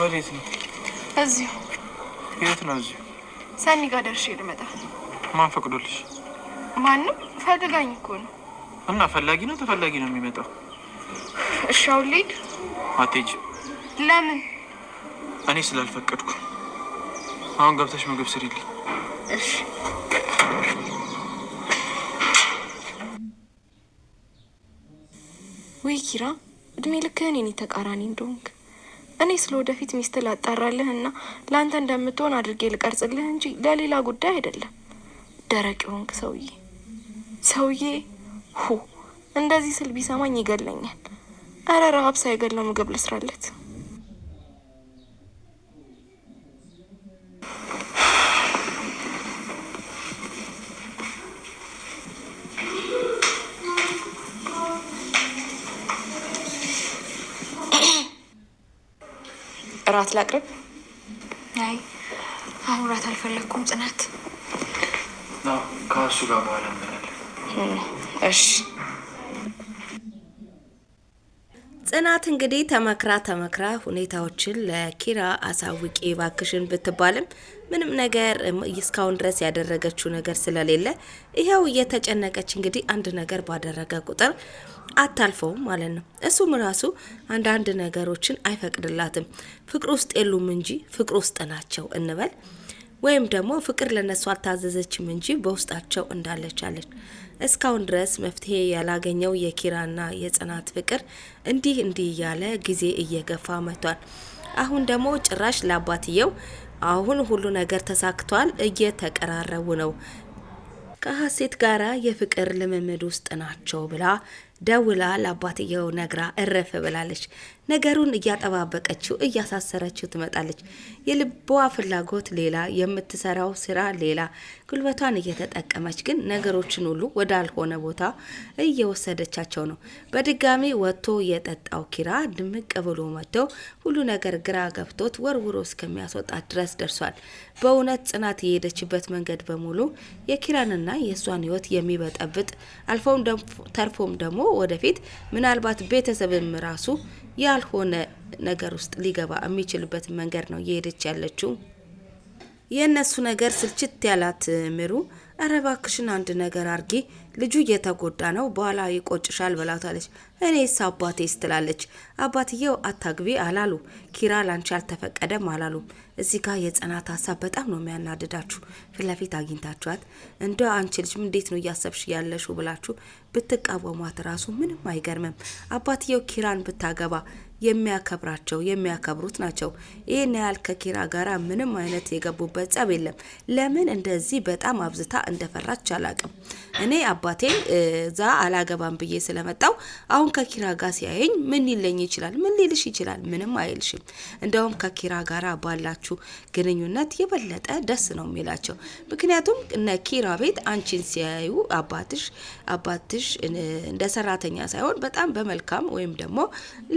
ወዴት ነው? እዚሁ። የት ነው? እዚሁ ሰኒ ጋር ደርሼ ልመጣ። ማን ፈቅዶልሽ? ማንም ፈልጋኝ እኮ ነው። እና ፈላጊ ነው ተፈላጊ ነው የሚመጣው? እሺ አሁን ልሂድ። አትሄጂም። ለምን? እኔ ስላልፈቀድኩ። አሁን ገብተሽ ምግብ ስሪልኝ። እሺ ወይ ኪራ፣ እድሜ ልክህን የኔ ተቃራኒ እንደሆንክ እኔ ስለ ወደፊት ሚስት ላጣራልህ እና ለአንተ እንደምትሆን አድርጌ ልቀርጽልህ እንጂ ለሌላ ጉዳይ አይደለም። ደረቅ የሆንክ ሰውዬ ሰውዬ ሁ እንደዚህ ስል ቢሰማኝ ይገለኛል። እረ ረሀብ ሳይገለው ምግብ ልስራለት። እራት ላቅርብ? አይ አሁን እራት አልፈለግኩም። ጽናት ከሱ ጋር በኋላ እሺ። ጽናት እንግዲህ ተመክራ ተመክራ ሁኔታዎችን ለኪራ አሳውቂ ባክሽን ብትባልም ምንም ነገር እስካሁን ድረስ ያደረገችው ነገር ስለሌለ ይኸው እየተጨነቀች እንግዲህ አንድ ነገር ባደረገ ቁጥር አታልፈውም ማለት ነው። እሱም ራሱ አንዳንድ ነገሮችን አይፈቅድላትም። ፍቅር ውስጥ የሉም እንጂ ፍቅር ውስጥ ናቸው እንበል ወይም ደግሞ ፍቅር ለነሱ አልታዘዘችም እንጂ በውስጣቸው እንዳለቻለች። እስካሁን ድረስ መፍትሄ ያላገኘው የኪራና የጽናት ፍቅር እንዲህ እንዲህ እያለ ጊዜ እየገፋ መጥቷል። አሁን ደግሞ ጭራሽ ለአባትየው አሁን ሁሉ ነገር ተሳክቷል፣ እየተቀራረቡ ነው ከሀሴት ጋራ የፍቅር ልምምድ ውስጥ ናቸው ብላ ደውላ ለአባትየው ነግራ እረፍ ብላለች። ነገሩን እያጠባበቀችው እያሳሰረችው ትመጣለች። የልቧ ፍላጎት ሌላ፣ የምትሰራው ስራ ሌላ። ጉልበቷን እየተጠቀመች ግን ነገሮችን ሁሉ ወዳልሆነ ቦታ እየወሰደቻቸው ነው። በድጋሚ ወጥቶ የጠጣው ኪራ ድምቅ ብሎ መጥተው ሁሉ ነገር ግራ ገብቶት ወርውሮ እስከሚያስወጣት ድረስ ደርሷል። በእውነት ጽናት የሄደችበት መንገድ በሙሉ የኪራንና የእሷን ህይወት የሚበጠብጥ አልፎም ተርፎም ደግሞ ወደፊት ምናልባት ቤተሰብም ራሱ ያልሆነ ነገር ውስጥ ሊገባ የሚችልበት መንገድ ነው እየሄደች ያለችው። የእነሱ ነገር ስልችት ያላት ምሩ እረ ባክሽን አንድ ነገር አርጊ፣ ልጁ እየተጎዳ ነው፣ በኋላ ይቆጭሻል ብላታለች። እኔስ አባቴ ትላለች አባትየው አታግቢ አላሉ፣ ኪራ ላንቺ አልተፈቀደም አላሉ። እዚህ ጋር የጽናት ሀሳብ በጣም ነው የሚያናድዳችሁ። ፊት ለፊት አግኝታችኋት እንደ አንቺ ልጅ እንዴት ነው እያሰብሽ ያለሹ ብላችሁ ብትቃወሟት ራሱ ምንም አይገርምም። አባትየው ኪራን ብታገባ የሚያከብራቸው የሚያከብሩት ናቸው። ይህን ያህል ከኪራ ጋር ምንም አይነት የገቡበት ጸብ የለም። ለምን እንደዚህ በጣም አብዝታ እንደፈራች አላቅም። እኔ አባቴ እዛ አላገባም ብዬ ስለመጣው አሁን ከኪራ ጋር ሲያየኝ ምን ይለኝ ይችላል? ምን ሊልሽ ይችላል? ምንም አይልሽም። እንደውም ከኪራ ጋር ባላችሁ ግንኙነት የበለጠ ደስ ነው የሚላቸው። ምክንያቱም እነ ኪራ ቤት አንቺን ሲያዩ አባትሽ አባትሽ እንደ ሰራተኛ ሳይሆን በጣም በመልካም ወይም ደግሞ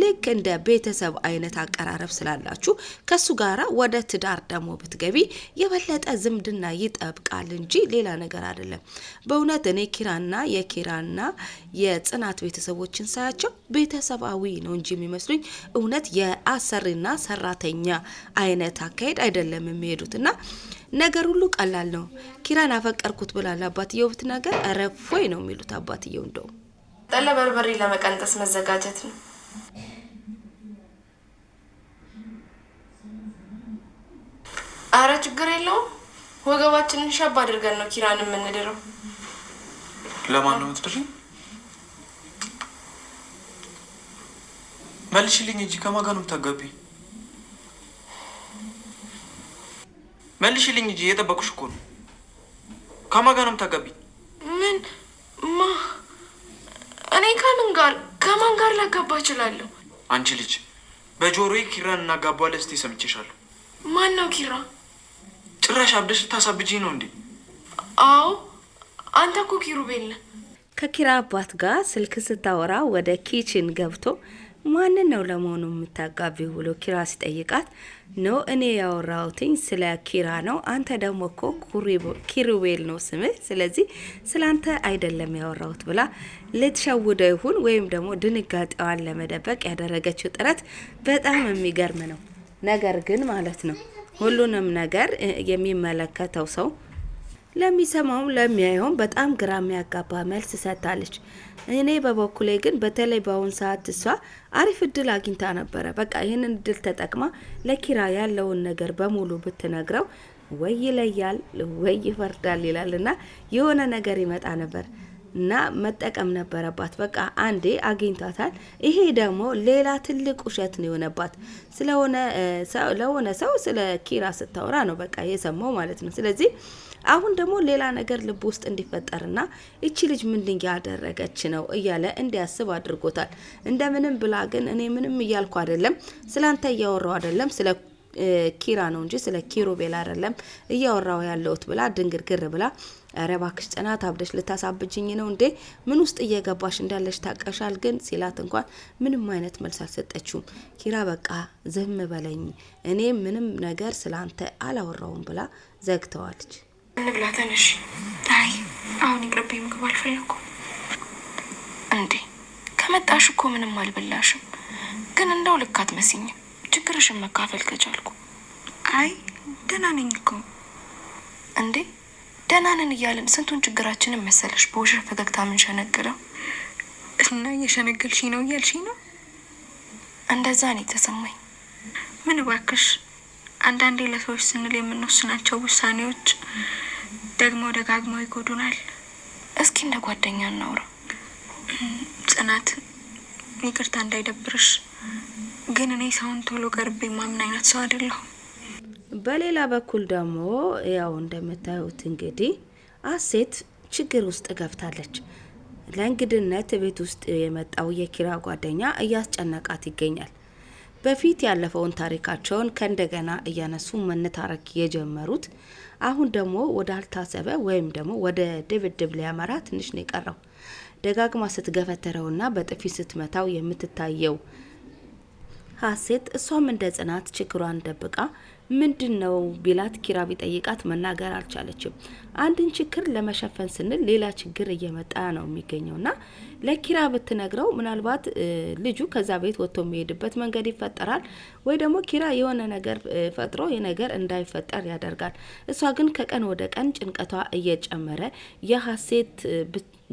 ልክ እንደ ቤተሰብ አይነት አቀራረብ ስላላችሁ ከሱ ጋራ ወደ ትዳር ደግሞ ብትገቢ የበለጠ ዝምድና ይጠብቃል እንጂ ሌላ ነገር አይደለም። በእውነት እኔ ኪራና የኪራና የጽናት ቤተሰቦችን ሳያቸው ቤተሰባዊ ነው እንጂ የሚመስሉኝ እውነት የአሰሪና ሰራተኛ አይነት አካሄድ አይደለም የሚሄዱት እና ነገር ሁሉ ቀላል ነው። ኪራን አፈቀርኩት ብላል አባትየው ብትናገር ረፎይ ነው የሚሉት አባትየው። እንደውም ጠለ በርበሬ ለመቀንጠስ መዘጋጀት ነው። አረ ችግር የለውም ወገባችንን ሻባ አድርገን ነው ኪራን የምንድረው። ለማን ነው የምትድሪው? መልሽልኝ እንጂ ከማን ጋር ነው የምታጋቢኝ? መልሽልኝ እንጂ እየጠበቅሽ እኮ ነው። ከማን ጋር ነው የምታጋቢኝ? ምን ማ እኔ ከምን ጋር ከማን ጋር ላጋባ እችላለሁ? አንቺ ልጅ በጆሮዬ ኪራን እናጋባለን ስትይ ሰምቼሻለሁ። ማን ነው ኪራ? ጭራሽ አብደሽ ልታሳብጂ ነው እንዴ? አዎ አንተ እኮ ኪሩቤል ከኪራ አባት ጋር ስልክ ስታወራ ወደ ኪችን ገብቶ ማንን ነው ለመሆኑ የምታጋቢው ብሎ ኪራ ሲጠይቃት፣ ኖ እኔ ያወራሁትኝ ስለ ኪራ ነው። አንተ ደግሞ እኮ ኪሩቤል ነው ስምህ፣ ስለዚህ ስለ አንተ አይደለም ያወራሁት ብላ ልትሸውደው ይሁን ወይም ደግሞ ድንጋጤዋን ለመደበቅ ያደረገችው ጥረት በጣም የሚገርም ነው። ነገር ግን ማለት ነው ሁሉንም ነገር የሚመለከተው ሰው ለሚሰማውም ለሚያየውም በጣም ግራ የሚያጋባ መልስ ሰጥታለች። እኔ በበኩሌ ግን በተለይ በአሁን ሰዓት እሷ አሪፍ እድል አግኝታ ነበረ። በቃ ይህንን እድል ተጠቅማ ለኪራ ያለውን ነገር በሙሉ ብትነግረው ወይ ይለያል ወይ ይፈርዳል ይላልና የሆነ ነገር ይመጣ ነበር። እና መጠቀም ነበረባት። በቃ አንዴ አግኝቷታል። ይሄ ደግሞ ሌላ ትልቅ ውሸት ነው የሆነባት። ለሆነ ሰው ስለ ኪራ ስታወራ ነው በቃ የሰማው ማለት ነው። ስለዚህ አሁን ደግሞ ሌላ ነገር ልብ ውስጥ እንዲፈጠርና እቺ ልጅ ምንድን ያደረገች ነው እያለ እንዲያስብ አድርጎታል። እንደምንም ብላ ግን እኔ ምንም እያልኩ አይደለም፣ ስላንተ እያወራው አይደለም፣ ስለ ኪራ ነው እንጂ ስለ ኪሩቤል አይደለም እያወራው ያለሁት ብላ ድንግርግር ብላ ኧረ እባክሽ ጽናት አብደሽ ልታሳብጅኝ ነው እንዴ? ምን ውስጥ እየገባሽ እንዳለሽ ታቀሻል ግን ሲላት እንኳን ምንም አይነት መልስ አልሰጠችውም። ኪራ በቃ ዝም በለኝ እኔ ምንም ነገር ስለ አንተ አላወራውም ብላ ዘግተዋለች። እንብላ ተነሽ። አይ አሁን ይቅርብኝ፣ ምግብ አልፈለኩም። እንዴ ከመጣሽ እኮ ምንም አልበላሽም፣ ግን እንደው ልካት መስኝም ችግርሽን መካፈል ከቻልኩ። አይ ደህና ነኝ እኮ እንዴ። ደህና ነን እያለን ስንቱን ችግራችንን መሰለሽ በውሸት ፈገግታ ምን ሸነግለው እና እየሸነገልሽኝ ነው እያልሽኝ ነው። እንደዛ ነው የተሰማኝ። ምን እባክሽ፣ አንዳንዴ ለሰዎች ስንል የምንወስናቸው ውሳኔዎች ደግሞ ደጋግመው ይጎዱናል። እስኪ እንደ ጓደኛ እናውራ ጽናት። ይቅርታ እንዳይደብርሽ ግን እኔ ሰውን ቶሎ ቀርቤ ማምን አይነት ሰው አይደለሁም። በሌላ በኩል ደግሞ ያው እንደምታዩት እንግዲህ አሴት ችግር ውስጥ ገብታለች። ለእንግድነት ቤት ውስጥ የመጣው የኪራ ጓደኛ እያስጨነቃት ይገኛል። በፊት ያለፈውን ታሪካቸውን ከእንደገና እያነሱ መነታረክ የጀመሩት አሁን ደግሞ ወደ አልታሰበ ወይም ደግሞ ወደ ድብድብ ሊያመራ ትንሽ ነው የቀረው። ደጋግማ ስትገፈተረውና በጥፊ ስትመታው የምትታየው ሀሴት እሷም እንደ ጽናት ችግሯን ደብቃ ምንድን ነው ቢላት ኪራ ቢጠይቃት መናገር አልቻለችም። አንድን ችግር ለመሸፈን ስንል ሌላ ችግር እየመጣ ነው የሚገኘው ና ለኪራ ብትነግረው ምናልባት ልጁ ከዛ ቤት ወጥቶ የሚሄድበት መንገድ ይፈጠራል፣ ወይ ደግሞ ኪራ የሆነ ነገር ፈጥሮ የነገር እንዳይፈጠር ያደርጋል። እሷ ግን ከቀን ወደ ቀን ጭንቀቷ እየጨመረ የሀሴት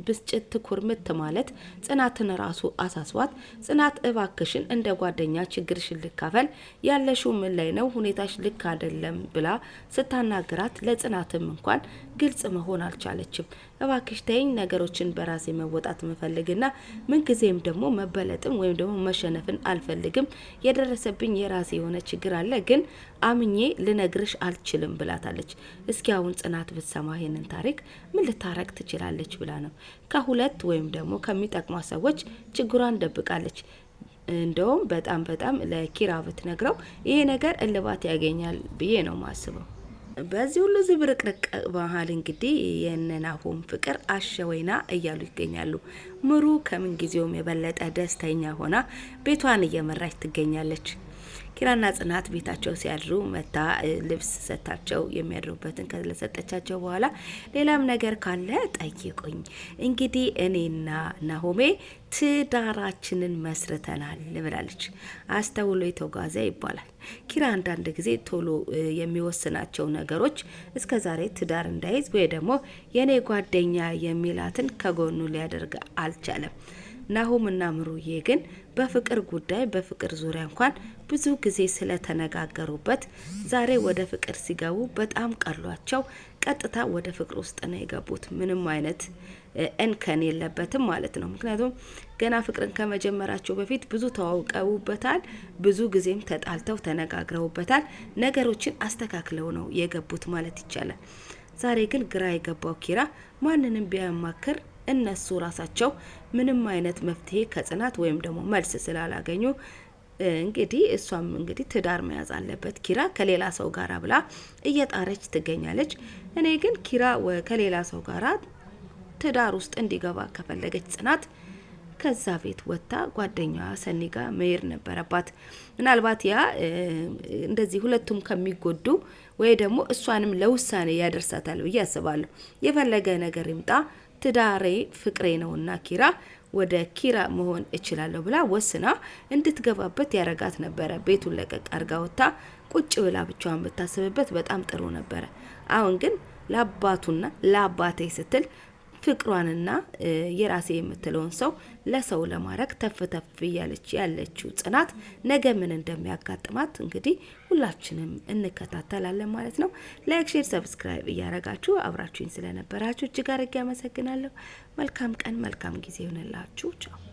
ብስጭት ኩርምት ማለት ጽናትን ራሱ አሳስቧት፣ ጽናት እባክሽን እንደ ጓደኛ ችግርሽን ልካፈል ያለሽው ምን ላይ ነው? ሁኔታሽ ልክ አይደለም ብላ ስታናግራት ለጽናትም እንኳን ግልጽ መሆን አልቻለችም። እባክሽ ተይኝ፣ ነገሮችን በራሴ መወጣት መፈልግና ምንጊዜም ደግሞ መበለጥም ወይም ደግሞ መሸነፍን አልፈልግም። የደረሰብኝ የራሴ የሆነ ችግር አለ፣ ግን አምኜ ልነግርሽ አልችልም ብላታለች። እስኪ አሁን ጽናት ብትሰማ ይህንን ታሪክ ምን ልታረግ ትችላለች ብላ ነው ከሁለት ወይም ደግሞ ከሚጠቅሟት ሰዎች ችግሯን ደብቃለች። እንደውም በጣም በጣም ለኪራ ብትነግረው ይሄ ነገር እልባት ያገኛል ብዬ ነው ማስበው። በዚህ ሁሉ ዝብርቅርቅ መሀል እንግዲህ የነናሆም ፍቅር አሸወይና እያሉ ይገኛሉ። ምሩ ከምን ጊዜውም የበለጠ ደስተኛ ሆና ቤቷን እየመራች ትገኛለች። ኪራና ጽናት ቤታቸው ሲያድሩ መታ ልብስ ሰታቸው የሚያድሩበትን ከለሰጠቻቸው በኋላ ሌላም ነገር ካለ ጠይቁኝ። እንግዲህ እኔና ናሆሜ ትዳራችንን መስርተናል ብላለች። አስተውሎ የተጓዘ ይባላል። ኪራ አንዳንድ ጊዜ ቶሎ የሚወስናቸው ነገሮች እስከ ዛሬ ትዳር እንዳይዝ ወይ ደግሞ የእኔ ጓደኛ የሚላትን ከጎኑ ሊያደርግ አልቻለም። ናሆምና ምሩዬ ግን በፍቅር ጉዳይ በፍቅር ዙሪያ እንኳን ብዙ ጊዜ ስለተነጋገሩበት ዛሬ ወደ ፍቅር ሲገቡ በጣም ቀሏቸው። ቀጥታ ወደ ፍቅር ውስጥ ነው የገቡት። ምንም አይነት እንከን የለበትም ማለት ነው። ምክንያቱም ገና ፍቅርን ከመጀመራቸው በፊት ብዙ ተዋውቀውበታል፣ ብዙ ጊዜም ተጣልተው ተነጋግረውበታል። ነገሮችን አስተካክለው ነው የገቡት ማለት ይቻላል። ዛሬ ግን ግራ የገባው ኪራ ማንንም ቢያማክር እነሱ ራሳቸው ምንም አይነት መፍትሄ ከጽናት ወይም ደግሞ መልስ ስላላገኙ እንግዲህ እሷም እንግዲህ ትዳር መያዝ አለበት ኪራ ከሌላ ሰው ጋራ ብላ እየጣረች ትገኛለች። እኔ ግን ኪራ ከሌላ ሰው ጋራ ትዳር ውስጥ እንዲገባ ከፈለገች ጽናት ከዛ ቤት ወጥታ ጓደኛዋ ሰኒ ጋር መሄድ ነበረባት። ምናልባት ያ እንደዚህ ሁለቱም ከሚጎዱ ወይ ደግሞ እሷንም ለውሳኔ ያደርሳታል ብዬ አስባለሁ። የፈለገ ነገር ይምጣ ትዳሬ ፍቅሬ ነውና ኪራ ወደ ኪራ መሆን እችላለሁ ብላ ወስና እንድትገባበት ያረጋት ነበረ። ቤቱን ለቀቅ አርጋ ወጥታ ቁጭ ብላ ብቻዋን ብታስብበት በጣም ጥሩ ነበረ። አሁን ግን ለአባቱና ለአባቴ ስትል ፍቅሯንና የራሴ የምትለውን ሰው ለሰው ለማድረግ ተፍ እያለች ያለችው ጽናት ነገ ምን እንደሚያጋጥማት እንግዲህ ሁላችንም እንከታተላለን ማለት ነው። ላይክ፣ ሼር፣ ሰብስክራይብ እያረጋችሁ አብራችሁኝ ስለነበራችሁ እጅግ አድርጌ አመሰግናለሁ። መልካም ቀን፣ መልካም ጊዜ ይሆንላችሁ። ቻው